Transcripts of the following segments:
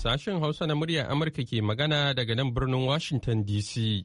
Sashen Hausa na muryar Amurka ke magana daga nan birnin Washington DC.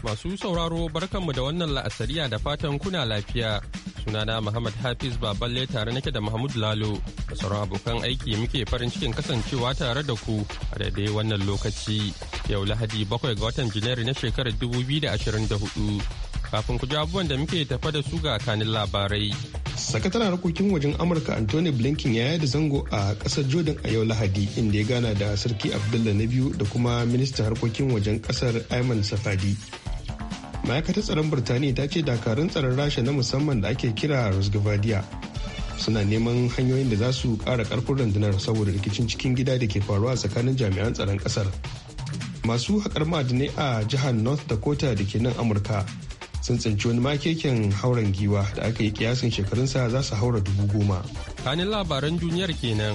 Masu sauraro barkanmu da wannan la'asariya da fatan kuna lafiya. Sunana Muhammad Hafiz Baballe tare nake da Mahmud Lalo da sauran abokan aiki muke farin cikin kasancewa tare da ku a daidai wannan lokaci. Yau Lahadi bakwai ga watan Janairu na shekarar 2024 Kafin ku ji abubuwan da muke tafa da su ga kanin labarai. Sakataren harkokin wajen Amurka Anthony Blinken ya yi da zango a ƙasar Jordan a yau Lahadi inda ya gana da Sarki Abdullah na biyu da kuma ministan harkokin wajen ƙasar Ayman Safadi. Ma'aikatar tsaron Birtaniya ta ce dakarun tsaron Rasha na musamman da ake kira rosgavadia suna neman hanyoyin da za su kara ƙarfin rundunar saboda rikicin cikin gida da ke faruwa tsakanin jami'an tsaron ƙasar masu haƙar ma'adinai a jihar north dakota da ke nan amurka sun tsinci wani makeken hauren giwa da aka yi kiyasin shekarunsa za su haura dubu goma. kanin labaran duniyar kenan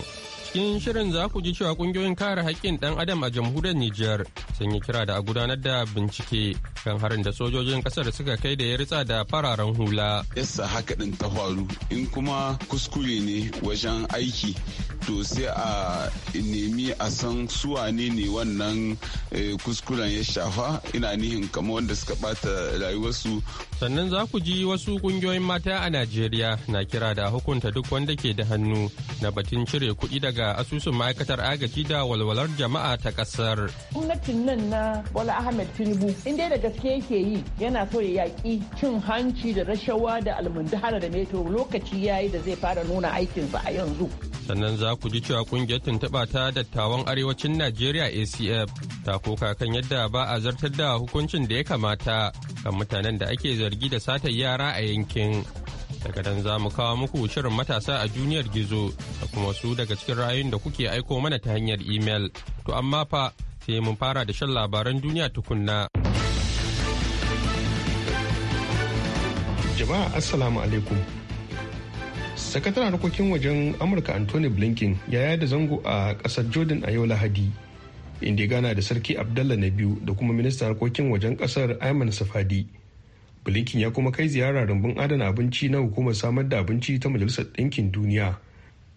cikin shirin za ku ji cewa kungiyoyin kare haƙƙin ɗan adam a jamhuriyar Nijar sun yi kira da a gudanar da bincike kan harin da sojojin ƙasar suka kai da ya ritsa da fararen hula. yasa haka ɗin ta faru in kuma kuskure ne wajen aiki to sai a nemi a san suwane ne wannan eh, kuskuren ya shafa ina nihin kama wanda suka bata rayuwarsu. Sannan za ku ji wasu kungiyoyin mata a Najeriya na kira da hukunta duk wanda ke da hannu na batun cire kuɗi daga ga asusun ma'aikatar agaji da walwalar jama'a ta kasar. Gwamnatin nan na Bola Ahmed Tinubu in dai da gaske yake yi yana so ya yaƙi cin hanci da rashawa da almundahara da meto lokaci ya yi da zai fara nuna aikinsa a yanzu. Sannan za ku ji cewa kungiyar tuntuɓa ta dattawan arewacin Najeriya ACF ta koka kan yadda ba a zartar da hukuncin da ya kamata kan mutanen da ake zargi da satar yara a yankin. Daga nan za mu kawo muku shirin matasa a duniyar gizo da kuma su daga cikin ra'ayoyin da kuke aiko mana ta hanyar imel. To amma fa sai mun fara da shan labaran duniya tukunna. Jama'a Assalamu alaikum. Sakataren harkokin wajen Amurka Anthony Blinken ya yada zango a kasar Jordan a yau Lahadi. inda gana da sarki abdallah na biyu da kuma ministan harkokin wajen kasar ayman safadi blinken ya kuma kai ziyara rumbun adana abinci na hukumar samar da abinci ta majalisar ɗinkin duniya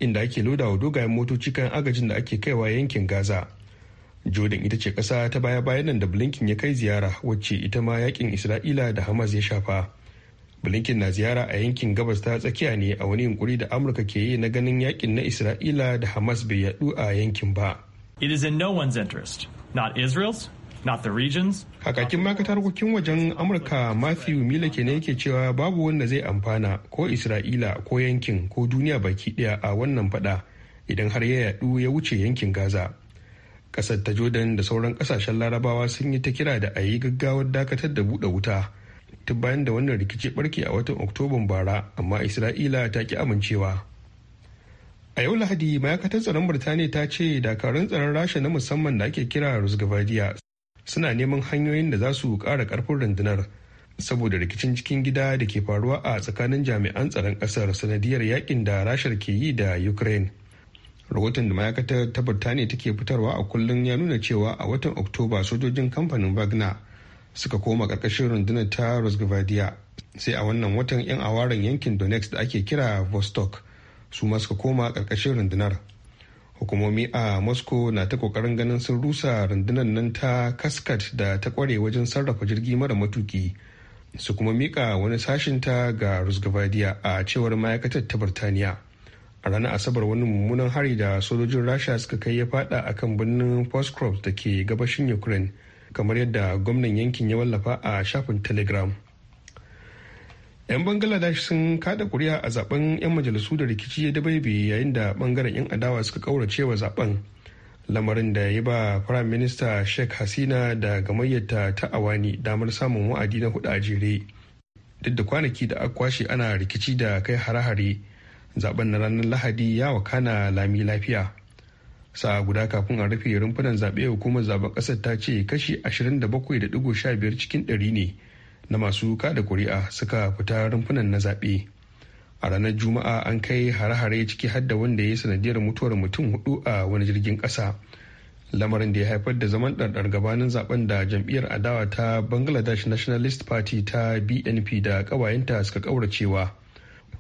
inda ake loda wa dogayen motoci kan agajin da ake kaiwa yankin gaza jordan ita ce ƙasa ta baya bayan da blinken ya kai ziyara wacce ita ma yakin isra'ila da hamas ya shafa blinken na ziyara a yankin gabas ta tsakiya ne a wani yunkuri da amurka ke yi na ganin yakin na isra'ila da hamas bai yadu a yankin ba it is in no one's interest not israel's not the regions. Kakakin ma'aikatar hukumar wajen Amurka Matthew Miller kenan yake cewa babu wanda zai amfana ko Isra'ila ko yankin ko duniya baki daya a wannan fada idan har ya yadu ya wuce yankin Gaza. Kasar ta Jordan da sauran kasashen Larabawa sun yi ta kira da a yi gaggawar dakatar da buɗe wuta. Tun bayan da wannan rikici barke a watan Oktoban bara amma Isra'ila ta ki amincewa. a yau lahadi ma'aikatar tsaron birtaniya ta ce dakarun tsaron rasha na musamman da ake kira rusgabadiya suna neman hanyoyin da za su ƙara ƙarfin rundunar saboda rikicin cikin gida da ke faruwa a tsakanin jami'an tsaron ƙasar sanadiyar yakin da rashar ke yi da ukraine rahoton da ma'aikatar ta birtaniya take fitarwa a kullum ya nuna cewa a watan oktoba sojojin kamfanin wagner suka koma ƙarƙashin rundunar ta rosgvadiya sai a wannan watan 'yan awaren yankin donetsk da ake kira vostok su ma suka koma ƙarƙashin rundunar hukumomi a moscow na ta kokarin ganin sun rusa rundunar nan ta kaskat da ta kware wajen sarrafa jirgi mara matuki su kuma mika wani sashen ta ga rusgabadiya a cewar ma'aikatar ta birtaniya a ranar asabar wani mummunan hari da sojojin rasha suka kai ya fada a kan birnin postcrops da ke gabashin ukraine kamar yadda gwamnan yankin ya wallafa a shafin telegram 'yan bangaladesh sun kada kuri'a a zaben 'yan majalisu da rikici ya dabaibe yayin da bangaren 'yan adawa suka kaurace wa zaben lamarin da ya ba prime minister sheikh hasina da gamayyata ta awani damar samun wa'adi na hudu a jere duk da kwanaki da aka kwashe ana rikici da kai hare-hare zaben na ranar lahadi ya wakana lami lafiya sa guda kafin a rufe rumfunan zaɓe hukumar zaben ƙasar ta ce kashi 27.15 cikin ɗari ne na masu kada kuri'a suka fita rumfunan na zaɓe a ranar juma'a an kai hare-hare ciki hadda wanda ya yi sanadiyar mutuwar mutum hudu a wani jirgin ƙasa lamarin da ya haifar da zaman ɗarɗar gabanin zaben da jam'iyyar adawa ta bangladesh nationalist party ta bnp da ƙawayenta suka ƙauracewa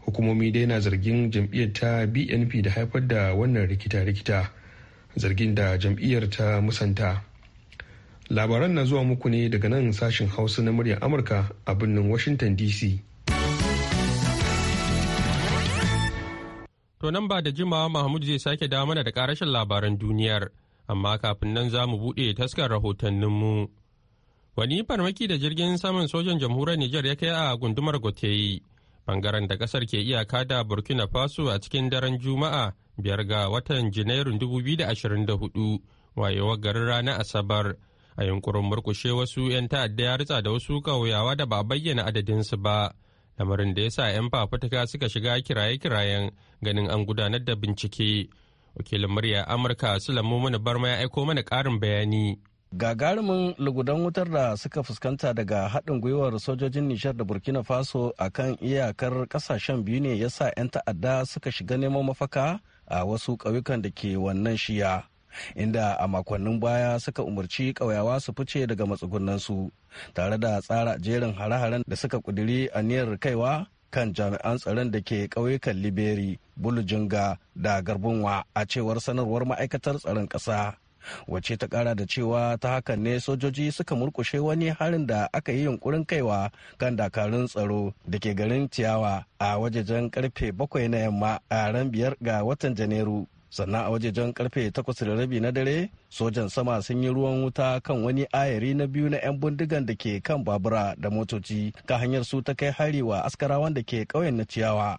hukumomi dai na zargin jam'iyyar ta bnp da haifar da wannan rikita-rikita zargin da jam'iyyar ta musanta. labaran na zuwa muku ne daga nan sashen hausa na muryar amurka a birnin washington dc to nan ba da jimawa mahmud zai sake da mana da karashin labaran duniyar amma kafin nan za mu buɗe taskar rahotanninmu wani farmaki da jirgin saman sojan jamhuriyar nijar ya kai a gundumar goteyi bangaren da kasar ke iyaka da burkina faso a cikin daren juma'a biyar ga watan janairun 2024 wayewar garin ranar asabar a yunkurin murkushe wasu 'yan ta'adda ya ritsa da wasu ƙauyawa da ba bayyana adadinsu ba lamarin da ya sa 'yan fafutuka suka shiga kiraye-kirayen ganin an gudanar da bincike wakilin murya amurka su sulamu mana barma ya aiko mana ƙarin bayani gagarumin lugudan wutar da suka fuskanta daga haɗin gwiwar sojojin nishar da burkina faso a kan iyakar ƙasashen biyu ne ya sa 'yan ta'adda suka shiga neman mafaka a wasu ƙauyukan da ke wannan shiya inda a makonnin baya suka umarci ƙauyawa su fice daga matsugunansu tare da tsara jerin hare-haren da suka ƙudiri aniyar kaiwa kan jami'an tsaron da ke ƙauyukan liberi bulujinga da garbunwa a cewar sanarwar ma'aikatar tsaron ƙasa wace ta ƙara da cewa ta hakan ne sojoji suka murkushe wani harin da aka yi yunkurin kaiwa kan dakarun tsaro da ke garin ciyawa a wajejen karfe bakwai na yamma a ran biyar ga watan janairu sannan a wajejen karfe takwas da rabi na dare sojan sama sun yi ruwan wuta kan wani ayari na biyu na 'yan bindigan da ke kan babura da motoci ka hanyar su ta kai hari wa askarawan da ke ƙauyen na ciyawa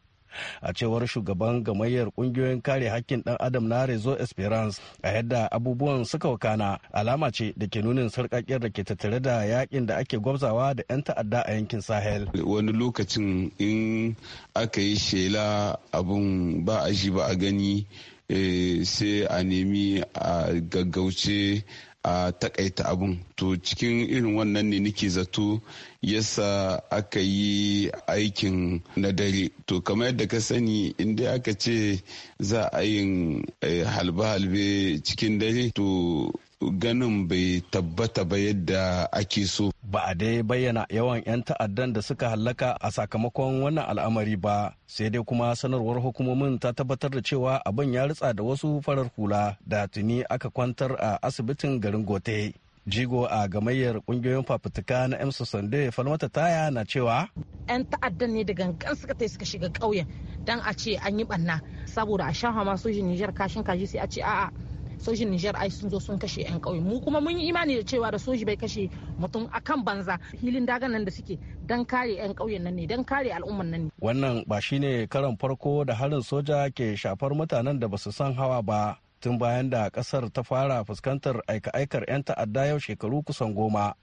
a cewar shugaban gamayyar kungiyoyin kare hakkin dan adam na rezo esperance a yadda abubuwan suka wakana alama ce da ke nunin sarƙaƙiyar da ke tattare da yakin da ake gwabzawa da 'yan ta'adda a yankin sahel wani lokacin in aka yi shela abun ba a shi ba a gani Eh, sai a nemi a gaggauce a takaita abun to cikin irin wannan ne nake zato yasa aka yi aikin na dare to kamar yadda ka sani inda aka ce za a yin eh, halbe-halbe cikin dare to ganin bai tabbata ba yadda ake so. Ba a dai bayyana yawan 'yan ta'addan da suka hallaka a sakamakon wannan al'amari ba, sai dai kuma sanarwar hukumomin ta tabbatar da cewa abin ya ritsa da wasu farar hula da tuni aka kwantar a asibitin garin Gote. Jigo a gamayyar kungiyoyin fafutuka na Emsu Sande Falmata Taya na cewa. 'Yan ta'addan ne da gangan suka tai suka shiga ƙauyen don a ce an yi ɓanna saboda a shan hama sojin Nijar kashin kaji sai a ce a'a sojin Nijar ai sun zo sun kashe 'yan kauye mu kuma mun yi imani da cewa da soji bai kashe mutum a kan banza filin dagan nan da suke dan kare 'yan ƙauyen nan ne dan kare al'umman nan ne. Wannan ba shine karan farko da harin soja ke shafar mutanen da basu san hawa ba tun bayan da kasar ta fara fuskantar aika-aikar 'yan ta'adda yau shekaru kusan goma.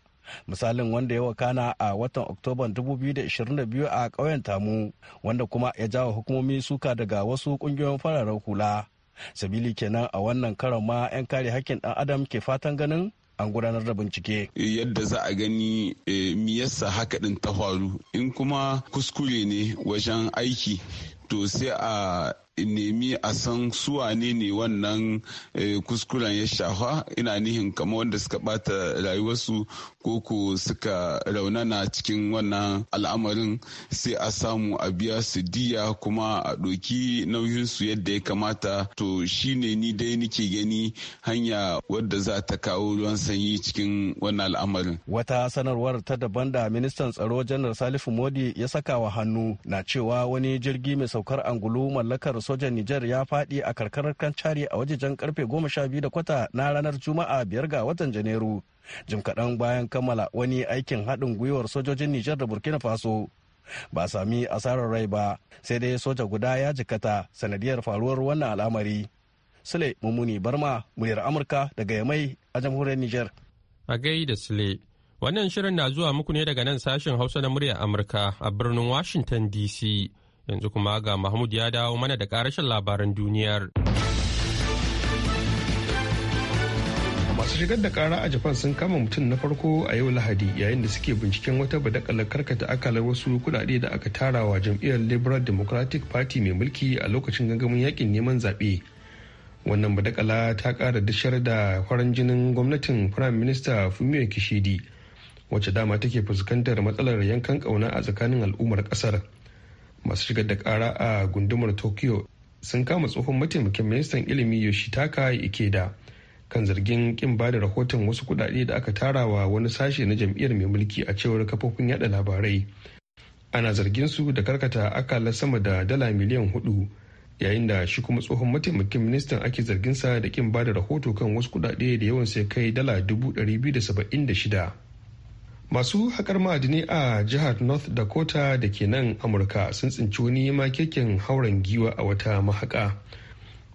misalin wanda ya wakana a watan oktoban 2022 a ƙauyen tamu wanda kuma ya jawo hukumomi suka daga wasu ƙungiyoyin fararen hula sabili kenan a wannan karan ma 'yan kare hakkin ɗan adam ke fatan ganin an gudanar da bincike. Yadda za a gani eh, mi yasa haka ɗin ta faru in kuma kuskure ne wajen aiki to sai a nemi a san suwane ne wannan eh, kuskuren ya shafa ina nihin kama wanda suka bata rayuwarsu ko ko suka raunana cikin wannan al'amarin sai a samu a biya su diya kuma a ɗoki nauyinsu yadda ya kamata to shine ni dai nike gani hanya wadda za ta kawo ruwan sanyi cikin wannan al'amarin wata sanarwar ta daban da ministan tsaro janar salifu modi ya saka wa hannu na cewa wani jirgi mai saukar angulu mallakar sojan Nijar ya faɗi a karkarar Kancari a wajejen karfe 12 da kwata na ranar Juma'a biyar ga watan Janairu. Jim kaɗan bayan kammala wani aikin haɗin gwiwar sojojin Nijar da Burkina Faso. Ba sami asarar rai ba, sai dai soja guda ya jikata sanadiyar faruwar wannan al'amari. Sule Mumuni Barma, muryar Amurka daga Yamai a jamhuriyar Nijar. A gai da Sule, wannan shirin na zuwa muku ne daga nan sashen Hausa na muryar Amurka a birnin Washington DC. yanzu kuma ga Mahmud ya dawo mana da karashin labaran duniyar. Masu shigar da kara a Japan sun kama mutum na farko a yau Lahadi yayin da suke binciken wata badakalar karkata akalar wasu kudade da aka tara wa jam'iyyar Liberal Democratic Party mai mulki a lokacin gangamin yakin neman zaɓe. Wannan badakala ta kara dashar da farin jinin gwamnatin Prime Minister Fumio Kishidi wacce dama take fuskantar matsalar yankan kauna a tsakanin al'ummar kasar. masu shigar da kara a gundumar tokyo sun kama tsohon mataimakin ministan ilimi yoshitaka ikeda kan zargin kin ba da rahoton wasu kudade da aka tara wa wani sashe na jam'iyyar mai mulki a cewar kafofin yada labarai ana zargin su da karkata akala sama da dala miliyan hudu yayin da shi kuma tsohon mataimakin ministan ake zargin sa da kin ba da rahoto kan wasu kudade da yawan sai kai dala dubu ɗari biyu da saba'in da shida masu haƙar ma'adini a jihar north dakota da ke nan amurka sun tsinci wani makekin hauren giwa a wata mahaƙa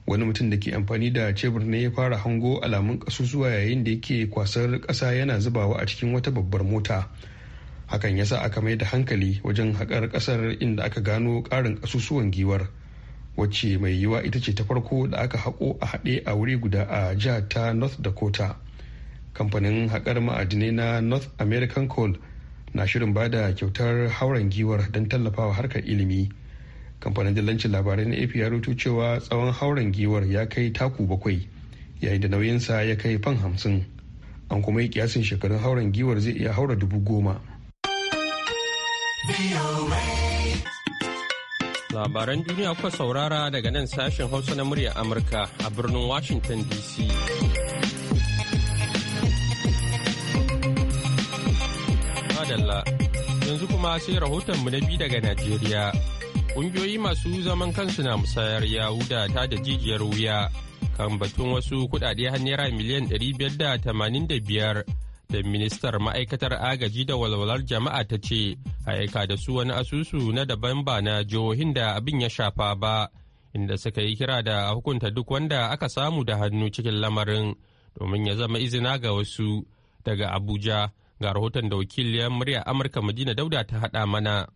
wani mutum da ke amfani da cebur ne ya fara hango alamun ƙasusuwa yayin da yake kwasar ƙasa yana zubawa a cikin wata babbar mota hakan ya sa aka mai da hankali wajen haƙar ƙasar inda aka gano ƙarin ƙasusuwan giwar wacce mai yiwa ita ce ta farko da aka haƙo a haɗe a wuri guda a jihar ta north dakota kamfanin haƙar ma'adinai na north american coal na shirin ba da kyautar hauren giwar don tallafawa harkar ilimi kamfanin dillancin labarai na ap ya rutu cewa tsawon hauren giwar ya kai taku bakwai yayin da nauyinsa ya kai fan hamsin an kuma yi kiyasin shekarun hauren giwar zai iya haura dubu goma labaran duniya kuka saurara daga nan sashen hausa na murya amurka a birnin washington dc madalla yanzu kuma sai mu na biyu daga Najeriya. Ƙungiyoyi masu zaman kansu na musayar yahuda ta da jijiyar wuya kan batun wasu kuɗaɗe har naira miliyan ɗari biyar da tamanin da da biyar ministar ma'aikatar agaji da walwalar jama'a ta ce a aika da su wani asusu na daban ba na jihohin da abin ya shafa ba inda suka yi kira da hukunta duk wanda aka samu da hannu cikin lamarin domin ya zama izina ga wasu daga abuja Ga rahoton da wakiliyar murya Amurka Madina Dauda ta haɗa mana.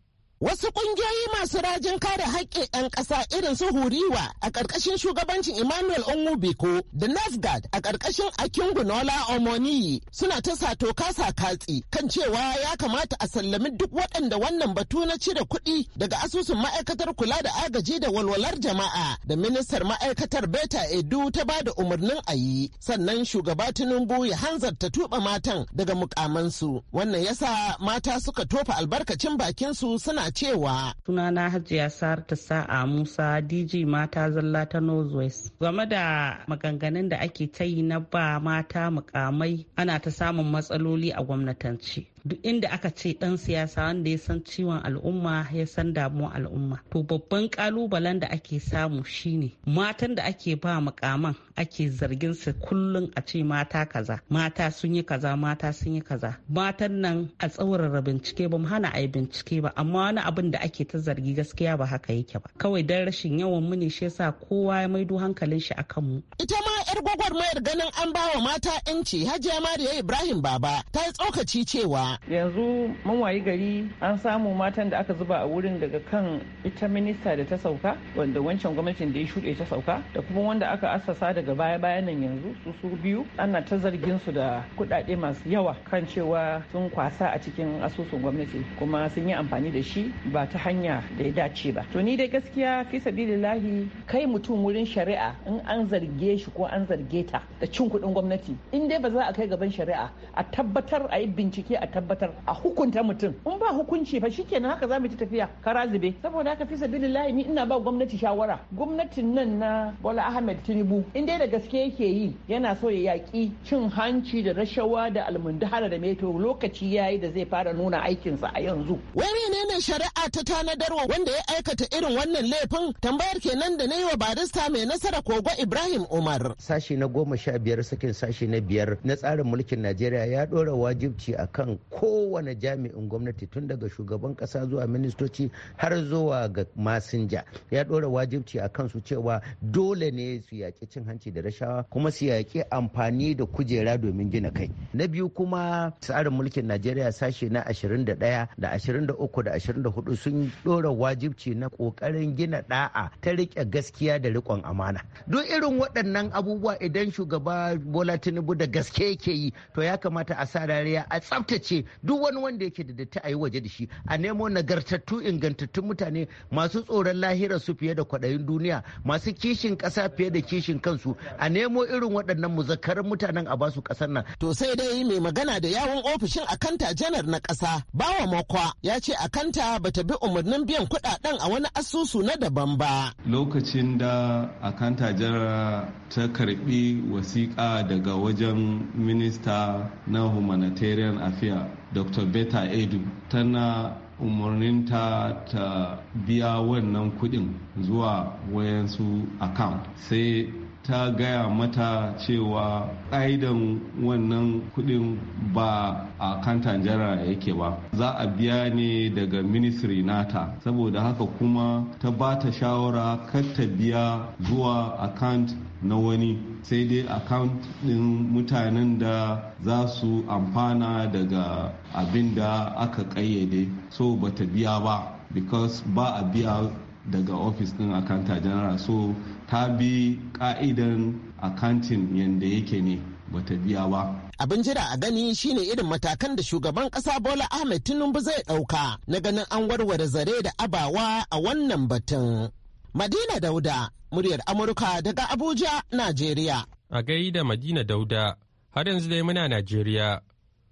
Wasu ƙungiyoyi masu rajin kare haƙƙin 'yan ƙasa irin su Huriwa a ƙarƙashin shugabancin Emmanuel Onwubiko da NASGAD a ƙarƙashin Akingunola Omoniyi suna ta sato kasa katsi kan cewa ya kamata a sallami duk waɗanda wannan batu na cire kuɗi daga asusun ma'aikatar kula da agaji da walwalar jama'a da ministar ma'aikatar Beta Edu ta ba da umarnin a yi sannan shugaba Tinubu ya hanzarta tuɓa matan daga mukamansu. Wannan yasa mata suka tofa albarkacin bakinsu suna Cewa cewa sunana hajiya sarta sa'a musa dj mata zalla ta northwest game da maganganun da ake ta yi na ba mata mukamai ana ta samun matsaloli a gwamnatance duk inda aka ce dan siyasa wanda ya san ciwon al'umma ya san damuwar al'umma to babban kalubalen da ake samu shine matan da ake ba mukaman ake zargin su kullum a ce mata kaza mata sun yi kaza mata sun yi kaza matan nan a tsaurara bincike ba mu hana a yi bincike ba amma wani abin da ake ta zargi gaskiya ba haka yake ba kawai dan rashin yawan mu ne shi yasa kowa ya maido hankalin shi akan mu ita ma yar gwagwarmayar ganin an ba wa mata 'yanci hajiya mariya ibrahim baba ta yi tsokaci cewa Yanzu mawayi gari an samu matan da aka zuba a wurin daga kan ita minista da ta sauka wanda wancan gwamnatin da ya shuɗe ta sauka da kuma wanda aka assasa daga baya bayan nan yanzu su su biyu ana ta zargin su da kuɗaɗe masu yawa kan cewa sun kwasa a cikin asusun gwamnati kuma sun yi amfani da shi ba ta hanya da ya dace ba. To ni dai gaskiya fi sabilillahi kai mutum wurin shari'a in an zarge shi ko an zarge ta da cin kuɗin gwamnati in dai ba za a kai gaban shari'a a tabbatar a yi bincike a tabbatar a hukunta mutum in ba hukunci fa shikenan haka za mu ci tafiya kara zube saboda haka fi sabilillahi ni ina ba gwamnati shawara gwamnatin nan na Bola Ahmed Tinubu in dai da gaske yake yi yana so ya yaki cin hanci da rashawa da almundahara da meto lokaci yayi da zai fara nuna aikinsa a yanzu wai menene shari'a ta tanadarwa wanda ya aikata irin wannan laifin tambayar kenan da na yi wa barista mai nasara kogo Ibrahim Umar sashi na goma sha biyar sakin sashi na biyar na tsarin mulkin Najeriya ya ɗora wajibci akan kowane jami'in gwamnati tun daga shugaban kasa zuwa ministoci har zuwa ga masinja ya ɗora wajibci a kansu cewa dole ne su yaƙi cin hanci da rashawa kuma su yaƙi amfani da kujera domin gina kai na biyu kuma tsarin mulkin najeriya sashe na 21 da 23 da 24 sun ɗora wajibci na ƙoƙarin gina ɗa'a ta riƙe gaskiya da riƙon amana duk irin waɗannan abubuwa idan shugaba bola tinubu da gaske yake yi to ya kamata a sa rariya a tsaftace duk wani wanda yake da datti a yi waje da shi a nemo nagartattu ingantattun mutane masu tsoron lahira su fiye da kwaɗayin duniya masu kishin ƙasa fiye da kishin kansu a nemo irin waɗannan muzakkarin mutanen a basu ƙasar nan. To sai dai mai magana da yawun ofishin akanta janar na ƙasa bawa makwa ya ce akanta bata bi umarnin biyan kuɗaɗen a wani asusu na daban ba. Lokacin da akanta janar ta karɓi wasiƙa daga wajen minista na humanitarian afiya. dr beta edu tana umarninta ta biya wannan kudin zuwa wayansu account sai ta gaya mata cewa ƙa'idan wannan kudin ba a kan tanjara yake ba za a biya ne daga ministry nata saboda haka kuma ta ba ta shawara kar ta biya zuwa account na wani sai dai account ɗin mutanen da za su amfana daga abin da aka kayyade so bata biya ba because ba a biya daga ofis din akanta general so ta bi ka'idan akantin yadda yake ne bata biya ba. Abin jira a gani shine irin matakan da shugaban kasa Bola Ahmed Tinubu zai dauka na ganin an warware zare da abawa a wannan batun. Madina Dauda, muryar Amurka daga Abuja, Najeriya. A gaida Madina Dauda, har yanzu dai muna Najeriya.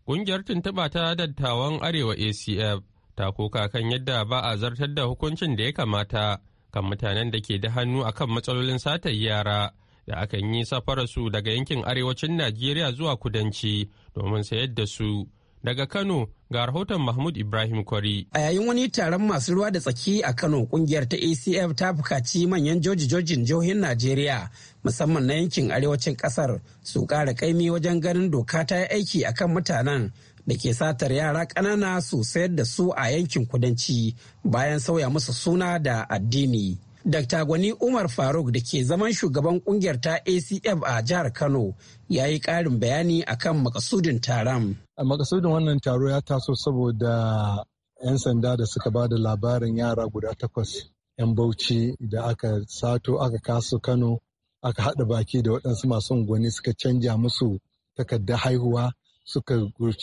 Ƙungiyar tuntuɓa ta dattawan Arewa ACF ta koka kan yadda ba a zartar da hukuncin da ya kamata kan mutanen da ke da hannu a kan matsalolin satar yara da akan yi safararsu daga yankin arewacin Najeriya zuwa kudanci domin sayar da su. Daga Kano ga rahoton Mahmud Ibrahim Kwari. A yayin wani taron masu ruwa da tsaki a Kano kungiyar ta ACF ta bukaci manyan joji-jojin jihohin Najeriya musamman na yankin arewacin kasar su ƙara kaimi wajen ganin doka ta yi aiki kan mutanen da ke satar yara ƙanana su sayar da su a yankin kudanci bayan sauya musu suna da addini. Dr. Gwani Umar Faruk da ke zaman shugaban kungiyar ta ACF a jihar Kano ya yi ƙarin bayani akan makasudin taron. a makasudin wannan taro ya taso saboda 'yan sanda da suka ba da labarin yara guda takwas 'yan bauchi da aka sato aka kasu kano aka haɗa baki da waɗansu masu unguwanni suka canja musu takardar haihuwa suka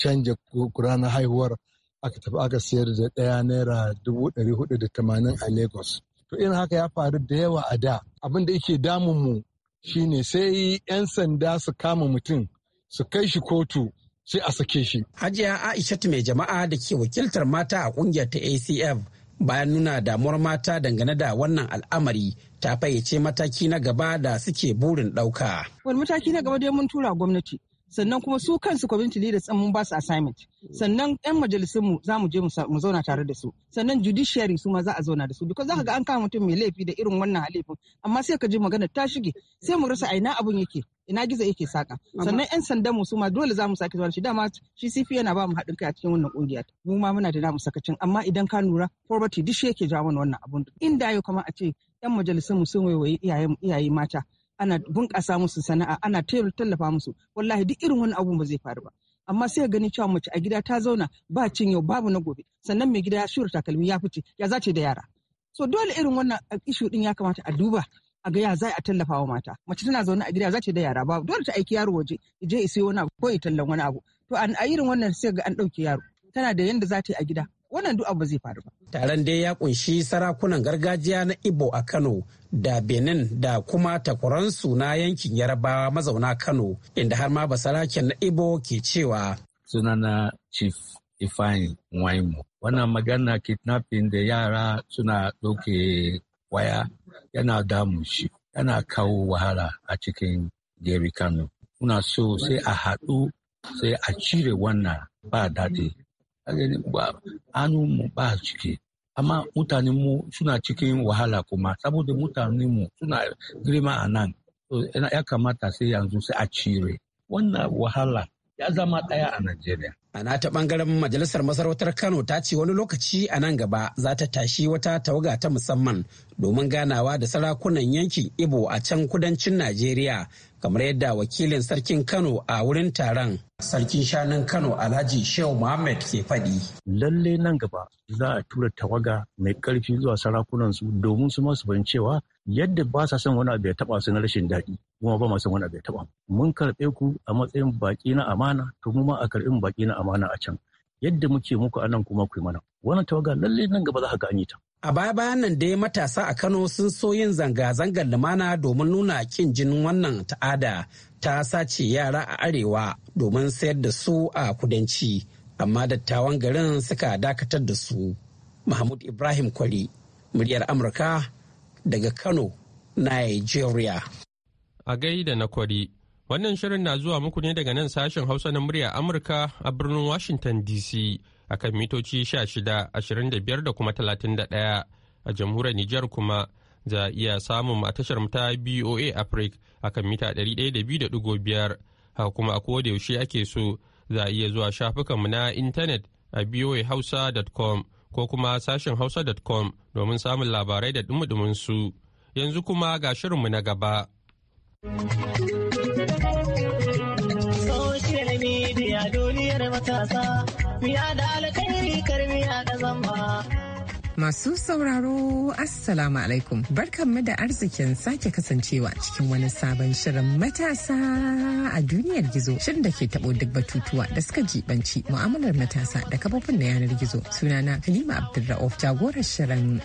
canja kurana haihuwar aka tafi aka sayar da ɗaya naira dubu ɗari hudu da tamanin a lagos to irin haka ya faru da yawa a da abin da yake damun mu shine sai 'yan sanda su kama mutum su kai shi kotu sai a sake shi. Hajiya Aisha mai jama'a da ke wakiltar mata a kungiyar ta ACF bayan nuna damuwar mata dangane da wannan al'amari ta fayyace mataki na gaba da suke burin ɗauka. Wani mataki na gaba dai mun tura gwamnati sannan kuma su kansu community leaders mun ba su assignment sannan yan majalisun mu za mu je mu zauna tare da su sannan judiciary su ma za a zauna da su because zaka ga an kama mutum mai laifi da irin wannan halifin amma sai ka ji magana ta shige sai mu rasa aina abun yake ina gizo yake saka sannan yan sandan mu su ma dole za mu sake zuwa shi dama shi CP yana ba mu haɗin kai a cikin wannan kungiya mu ma muna da namu sakacin amma idan ka lura poverty dishi yake jawo mana wannan abun inda yau kama a ce yan majalisun mu sun waiwayi iyaye mata ana bunƙasa musu sana'a ana tallafa musu wallahi duk irin wani abu ba zai faru ba amma sai ka gani cewa mace a gida ta zauna ba cin yau babu na gobe sannan mai gida ya shura takalmi ya fice ya zace da yara so dole irin wannan uh, ishu din ya kamata a duba a ga ya za a tallafa wa mata mace tana zaune a gida za da yara babu dole ta aiki yaro waje je ya sayo wani abu ko ya tallan wani abu to a irin wannan sai ga an ɗauki yaro tana da yanda za ta yi a gida wannan duk abu zai faru ba. Taron dai ya kunshi sarakunan gargajiya na Ibo a Kano da Benin da kuma takwaransu na yankin Yarabawa mazauna Kano inda har ma basaraken na Ibo ke cewa. Sunana Chief Ifeanyi Nwaimu. Wannan magana kidnapping da yara suna ɗauke waya yana damu shi yana kawo wahala a cikin gari Kano. Muna so sai a haɗu sai a cire wannan ba daɗi ba anu mu ba ciki amma mutane mu suna cikin wahala kuma saboda mutane mu suna girma a nan ya kamata sai yanzu sai a cire wannan wahala ya zama ɗaya a Najeriya. a nata bangaren majalisar masarautar kano ta ce wani lokaci a nan gaba za ta tashi wata tawaga ta musamman domin ganawa da sarakunan yankin ibo a can kudancin najeriya kamar yadda wakilin sarkin kano a wurin taron sarkin shanun kano alhaji shehu muhammad ke faɗi. lalle nan gaba za a tura tawaga mai ƙarfi zuwa sarakunan su domin su masu cewa yadda ba sa son wani abu ya taɓa su na rashin daɗi kuma ba masu wani abu ya taba mun karɓe ku a matsayin baƙi na amana to mu ma a karɓi baƙi na amana a can yadda muke muku anan kuma ku yi mana wannan tawaga lalle nan gaba za ka ga an yi ta a baya bayan nan dai matasa a kano sun so yin zanga-zangar lumana domin nuna kin jinin wannan ta'ada ta sace yara a arewa domin sayar da su a kudanci amma dattawan garin suka dakatar da su mahmud ibrahim kwari muryar amurka daga kano nigeria a gaida na kwari. Wannan shirin na zuwa muku ne daga nan sashen Hausa na murya Amurka a birnin Washington DC a kan mitoci 16, da kuma 31 a jamhuriyar Nijar kuma za a iya samun a tashar ta BOA Africa a kan mita 102.5 haka kuma a koda yaushe ake so za a iya zuwa shafukanmu na intanet a boahausa.com ko kuma sashen hausa.com domin samun labarai da dumudumin su yanzu kuma ga shirinmu na gaba. Social media duniyar Masu sauraro Assalamu alaikum barkanmu da arzikin sake kasancewa cikin wani sabon shirin matasa a duniyar gizo shirin da ke tabo duk batutuwa da suka jibanci mu'amalar matasa da kafofin na yanar gizo sunana Halima Abdulra'uf jagorar shirin.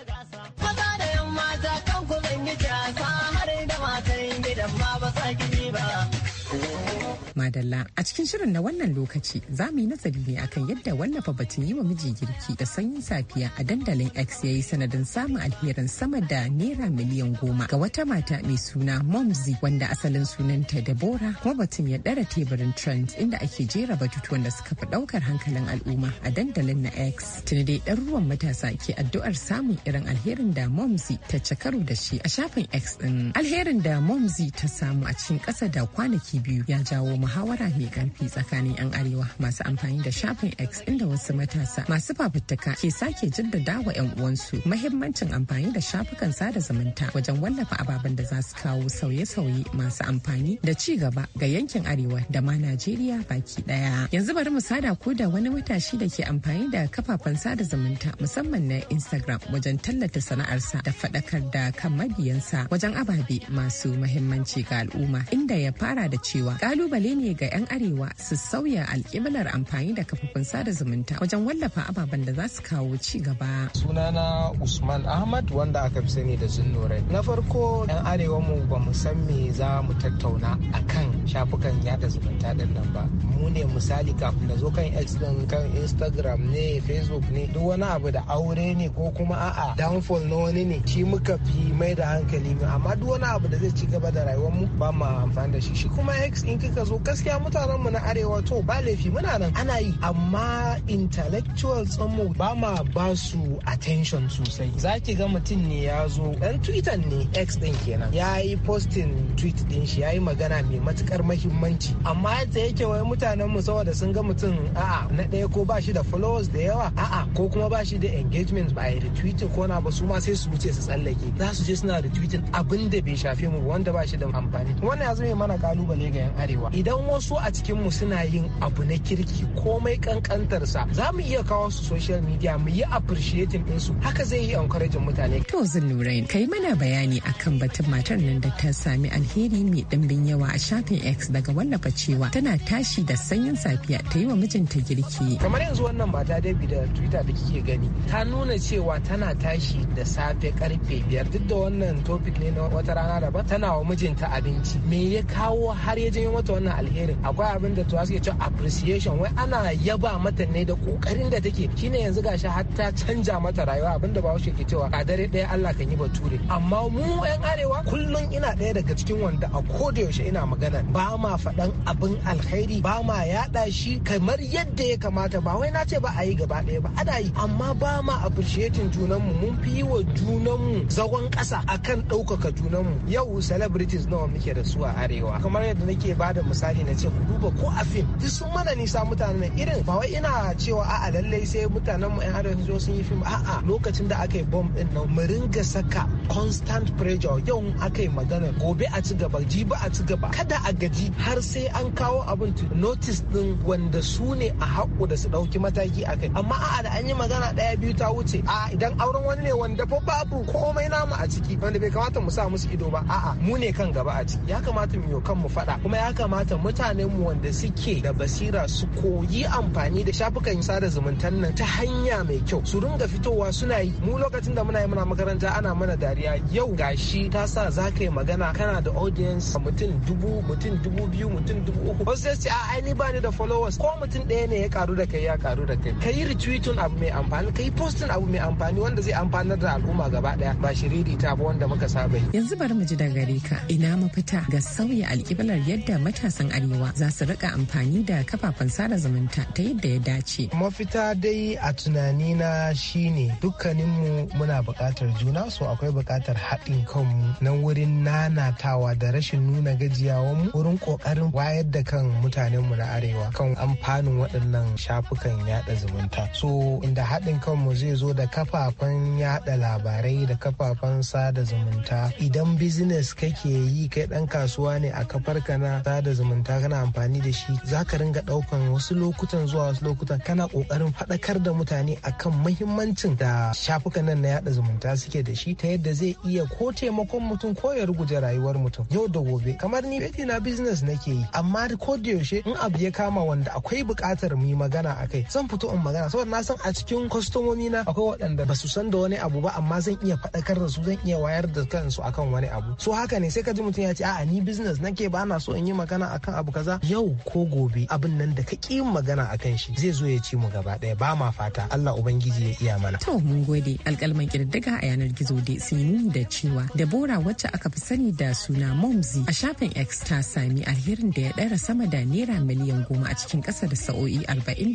madalla a cikin shirin na wannan lokaci za mu yi nazari ne akan yadda wallafa batun yi wa miji girki da sanyin safiya a dandalin x ya yi sanadin samun alherin sama da naira miliyan goma ga wata mata mai suna momzi wanda asalin sunanta debora kuma batun ya ɗara teburin trent inda ake jera batutuwan da suka fi ɗaukar hankalin al'umma a dandalin na x tuni dai ruwan matasa ke addu'ar samun irin alherin da momzi ta cakaru da shi a shafin x ɗin alherin da momzi ta samu a cikin ƙasa da kwanaki biyu ya jawo muhawara muhawara mai karfi tsakanin 'yan arewa masu amfani da shafin X inda wasu matasa masu fafutuka ke sake jaddada wa 'yan uwansu mahimmancin amfani da shafukan sada zumunta wajen wallafa ababen da za su kawo sauye-sauye masu amfani da ci gaba ga yankin arewa da ma Najeriya baki daya. Yanzu bari mu sada ko da wani matashi da ke amfani da kafafen sada zumunta musamman na Instagram wajen tallata sana'arsa da faɗakar da kan mabiyansa wajen ababe masu mahimmanci ga al'umma inda ya fara da cewa kalubale ne ga 'yan arewa su sauya alƙiblar amfani da kafafen sada zumunta wajen wallafa ababen da za su kawo ci gaba. Sunana Usman Ahmad wanda aka fi sani da zinnore Na farko 'yan arewa mu ba mu san me za mu tattauna akan shafukan yada zumunta din nan ba. Mu ne misali kafin da zo kan X din kan Instagram ne Facebook ne duk wani abu da aure ne ko kuma a'a downfall na wani ne shi muka fi mai da hankali amma duk wani abu da zai ci gaba da rayuwar mu ba mu amfani da shi shi kuma X in kika zo gaskiya gaskiya mutanen mu na arewa to ba laifi muna nan ana yi amma intellectual mu ba ma ba su attention sosai za ki ga mutum ne ya zo dan twitter ne x din kenan ya yi posting tweet din shi ya yi magana mai matukar mahimmanci amma yadda yake wai mutanen mu saboda sun ga mutum a'a na ɗaya ko ba shi da followers da yawa a'a ko kuma ba shi da engagement ba a yi ko na ba su ma sai su wuce su tsallake za su je suna retweet abin da bai shafe mu wanda ba shi da amfani wannan ya zama mana kalubale ga yan arewa idan wasu wasu a cikinmu suna yin abu na kirki komai kankantarsa za mu iya kawo su social media mu yi appreciating ɗinsu haka zai yi encouraging mutane. To Zulurain kai mana bayani akan batun matar nan da ta sami alheri mai ɗimbin yawa a shafin X daga wallafa cewa tana tashi da sanyin safiya ta yi wa mijinta girki. Kamar yanzu wannan mata Debbie da Twitter da kike gani ta nuna cewa tana tashi da safe karfe biyar duk da wannan topic ne na wata rana daban tana wa mijinta abinci me ya kawo har ya janyo mata wannan alheri alheri akwai abin da tuwa suke cewa appreciation wai ana yaba mata ne da kokarin da take shine yanzu gashi har ta canja mata rayuwa abin da bahaushe ke cewa kadare dare ɗaya Allah kan yi bature amma mu yan arewa kullum ina ɗaya daga cikin wanda a koda yaushe ina magana ba ma faɗan abin alkhairi. ba ma yaɗa shi kamar yadda ya kamata ba wai na ce ba a yi gaba ɗaya ba ada yi amma ba ma appreciating junanmu mun fi yi wa junanmu zagon ƙasa akan ɗaukaka junanmu yau celebrities nawa muke da su a arewa kamar yadda nake ba da misali na ce ku duba ko a fim duk sun mana nisa mutane irin ba wai ina cewa a'a lallai sai mutanen mu yan arewa zo sun yi fim a'a lokacin da aka yi bom ɗin nan mu ringa saka constant pressure yau aka yi magana gobe a ci gaba jibi a ci gaba kada a gaji har sai an kawo abin notice din wanda su ne a haƙo da su ɗauki mataki a kai amma a'a da an yi magana ɗaya biyu ta wuce a idan auren wani ne wanda fa babu komai namu a ciki wanda bai kamata mu sa musu ido ba a'a mu ne kan gaba a ciki ya kamata mu yi kan mu faɗa kuma ya kamata mutane mu wanda suke da basira su koyi amfani da shafukan sada zumuntan nan ta hanya mai kyau su ringa fitowa suna yi mu lokacin da muna yi muna makaranta ana mana dariya yau gashi ta sa za ka yi magana kana da audience mutum dubu mutum dubu biyu mutum dubu uku wasu sai a ba ni bani da followers ko mutum ɗaya ne ya karu da kai ya karu da kai kai retweeting abu mai amfani kai posting abu mai amfani wanda zai amfanar da al'umma gaba daya ba shiriri ta ba wanda muka saba yanzu bari mu ji daga gare ka ina mafita ga sauya alƙiblar yadda matasan arewa arewa za su rika amfani da kafafen sada zumunta ta yadda ya dace. Mafita dai a tunani na shine dukkaninmu muna buƙatar juna so akwai buƙatar haɗin kanmu na wurin nanatawa da rashin nuna mu wurin ƙoƙarin wayar da kan mutanenmu na arewa kan amfanin waɗannan shafukan yaɗa zumunta. So inda haɗin kanmu zai zo da kafafen yaɗa labarai da kafafen sada zumunta idan business kake yi kai ɗan kasuwa ne a kafar na sada zumunta kana amfani da shi za ka ringa ɗaukan wasu lokutan zuwa wasu lokutan kana kokarin faɗakar da mutane akan muhimmancin. da shafukan nan na yada zumunta suke da shi ta yadda zai iya ko taimakon mutum ko ya ruguje rayuwar mutum yau da gobe kamar ni bai na business nake yi amma ko da yaushe in abu ya kama wanda akwai buƙatar mu yi magana akai zan fito in magana saboda na san a cikin kwastomomi na akwai waɗanda ba su san da wani abu ba amma zan iya faɗakar da su zan iya wayar da kansu akan wani abu so haka ne sai ka ji mutum ya ce a'a ni business nake ba na so in yi magana akan abu abu kaza yau ko gobe abin nan da ka ƙi magana a kan shi zai zo ya ci mu gaba ɗaya ba ma fata Allah ubangiji ya iya mana. To mun gode alƙalman ƙididdiga a yanar gizo dai sun da cewa Dabora wacce aka fi sani da suna Momzi a shafin X ta sami alherin da ya ɗara sama da naira miliyan goma a cikin ƙasa da sa'o'i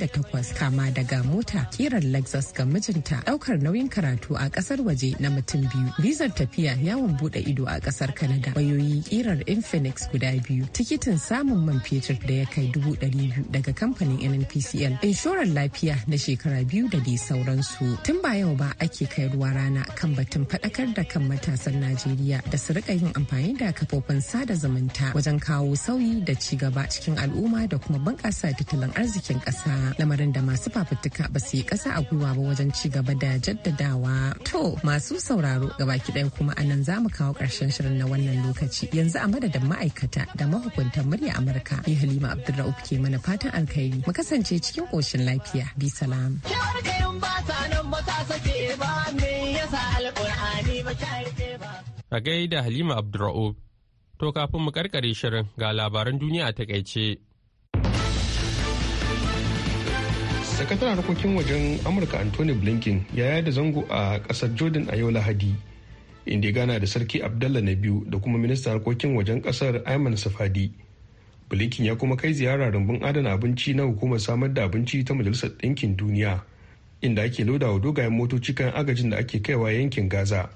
takwas kama daga mota kiran Lexus ga mijinta ɗaukar nauyin karatu a ƙasar waje na mutum biyu bizar tafiya yawon buɗe ido a ƙasar kanada wayoyi kirar Infinix guda biyu tikitin samun man fetur da ya kai dubu ɗari biyu daga kamfanin nnpcl inshorar lafiya na shekara biyu da dai sauransu tun ba yau ba ake kai ruwa rana kan batun faɗakar da kan matasan najeriya da su rika yin amfani da kafofin sada zumunta wajen kawo sauyi da ci gaba cikin al'umma da kuma bunƙasa tattalin arzikin ƙasa lamarin da masu fafutuka ba su yi ƙasa a gwiwa ba wajen ci gaba da jaddadawa to masu sauraro gabaki ɗaya kuma anan za mu kawo ƙarshen shirin na wannan lokaci yanzu a madadin ma'aikata da mahukuntan murya amurka Amurka. Ni Halima Abdulra'uf ke mana fatan alkhairi. Mu kasance cikin koshin lafiya. Bi salam. A gaida Halima Abdulra'uf. To kafin mu karkare shirin ga labaran duniya a takaice. sakataren harkokin wajen amurka anthony blinken ya da zango a kasar jordan a yau lahadi inda gana da sarki abdallah na biyu da kuma minista harkokin wajen kasar ayman safadi blinken ya kuma kai ziyara rumbun adana abinci na hukumar samar da abinci ta majalisar ɗinkin duniya inda ake loda wa dogayen motoci kan agajin da ake kaiwa yankin gaza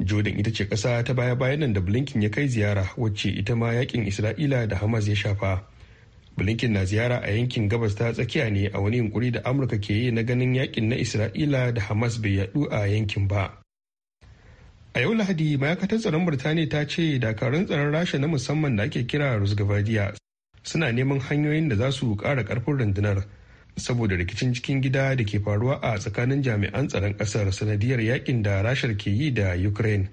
jordan ita ce ƙasa ta baya bayan nan da blinken ya kai ziyara wacce ita ma yakin isra'ila da hamas ya shafa blinken na ziyara a yankin gabas ta tsakiya ne a wani yunkuri da amurka ke yi na ganin yakin na isra'ila da hamas bai yadu a yankin ba a yau lahadi ma'aikatar tsaron birtaniya ta ce dakarun tsaron rasha na musamman da ake kira rusgabadiya suna neman hanyoyin da za su kara karfin rundunar saboda rikicin cikin gida da ke faruwa a tsakanin jami'an tsaron kasar sanadiyar yakin da rashar ke yi da ukraine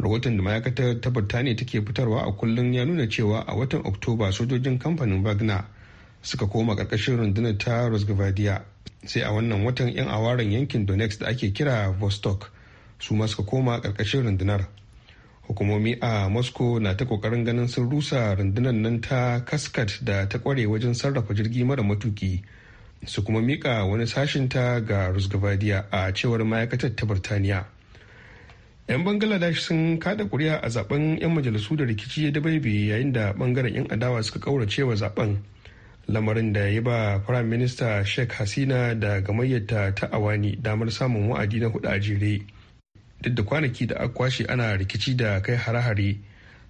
rahoton da ma'aikatar ta birtaniya take fitarwa a kullum ya nuna cewa a watan oktoba sojojin kamfanin wagner suka koma karkashin rundunar ta rusgabadiya sai a wannan watan 'yan awaren yankin donetsk da ake kira vostok su ma suka koma ƙarƙashin rundunar hukumomi a moscow na ta ƙoƙarin ganin sun rusa rundunar nan ta kaskat da ta kware wajen sarrafa jirgi mara matuki su kuma mika wani sashen ta ga rusgabadiya a cewar ma'aikatar ta birtaniya yan bangladesh sun kada kuri'a a zaben yan majalisu da rikici ya dabaibe yayin da bangaren yan adawa suka kaurace wa zaben lamarin da ya ba prime minister sheikh hasina da gamayyata ta awani damar samun wa'adi na hudu a jere duk da kwanaki da aka kwashe ana rikici da kai hare-hare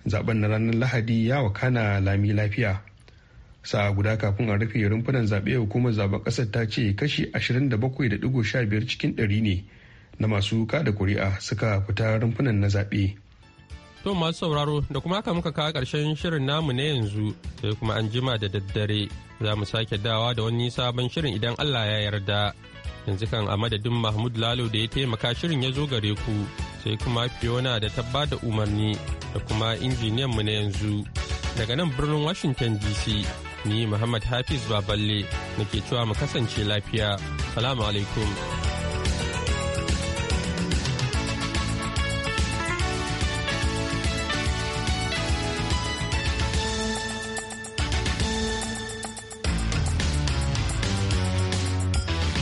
zaben na ranar lahadi ya wakana lami lafiya sa'a guda kafin a rufe rumfunan zaɓe hukumar zaben ƙasar ta ce kashi 27.15 cikin ɗari ne na masu kada ƙuri'a suka fita rumfunan na zaɓe. To masu sauraro da kuma aka muka kawo ƙarshen shirin namu na yanzu sai kuma an jima da daddare za mu sake dawa da wani sabon shirin idan Allah ya yarda. Yanzu kan a madadin Mahmud Lalo da ya taimaka shirin ya zo gare ku sai kuma Fiona da ta da umarni da kuma injiniyan mu na yanzu. Daga nan birnin Washington DC ni Muhammad Hafiz Baballe nake cewa mu kasance lafiya. Salamu alaikum.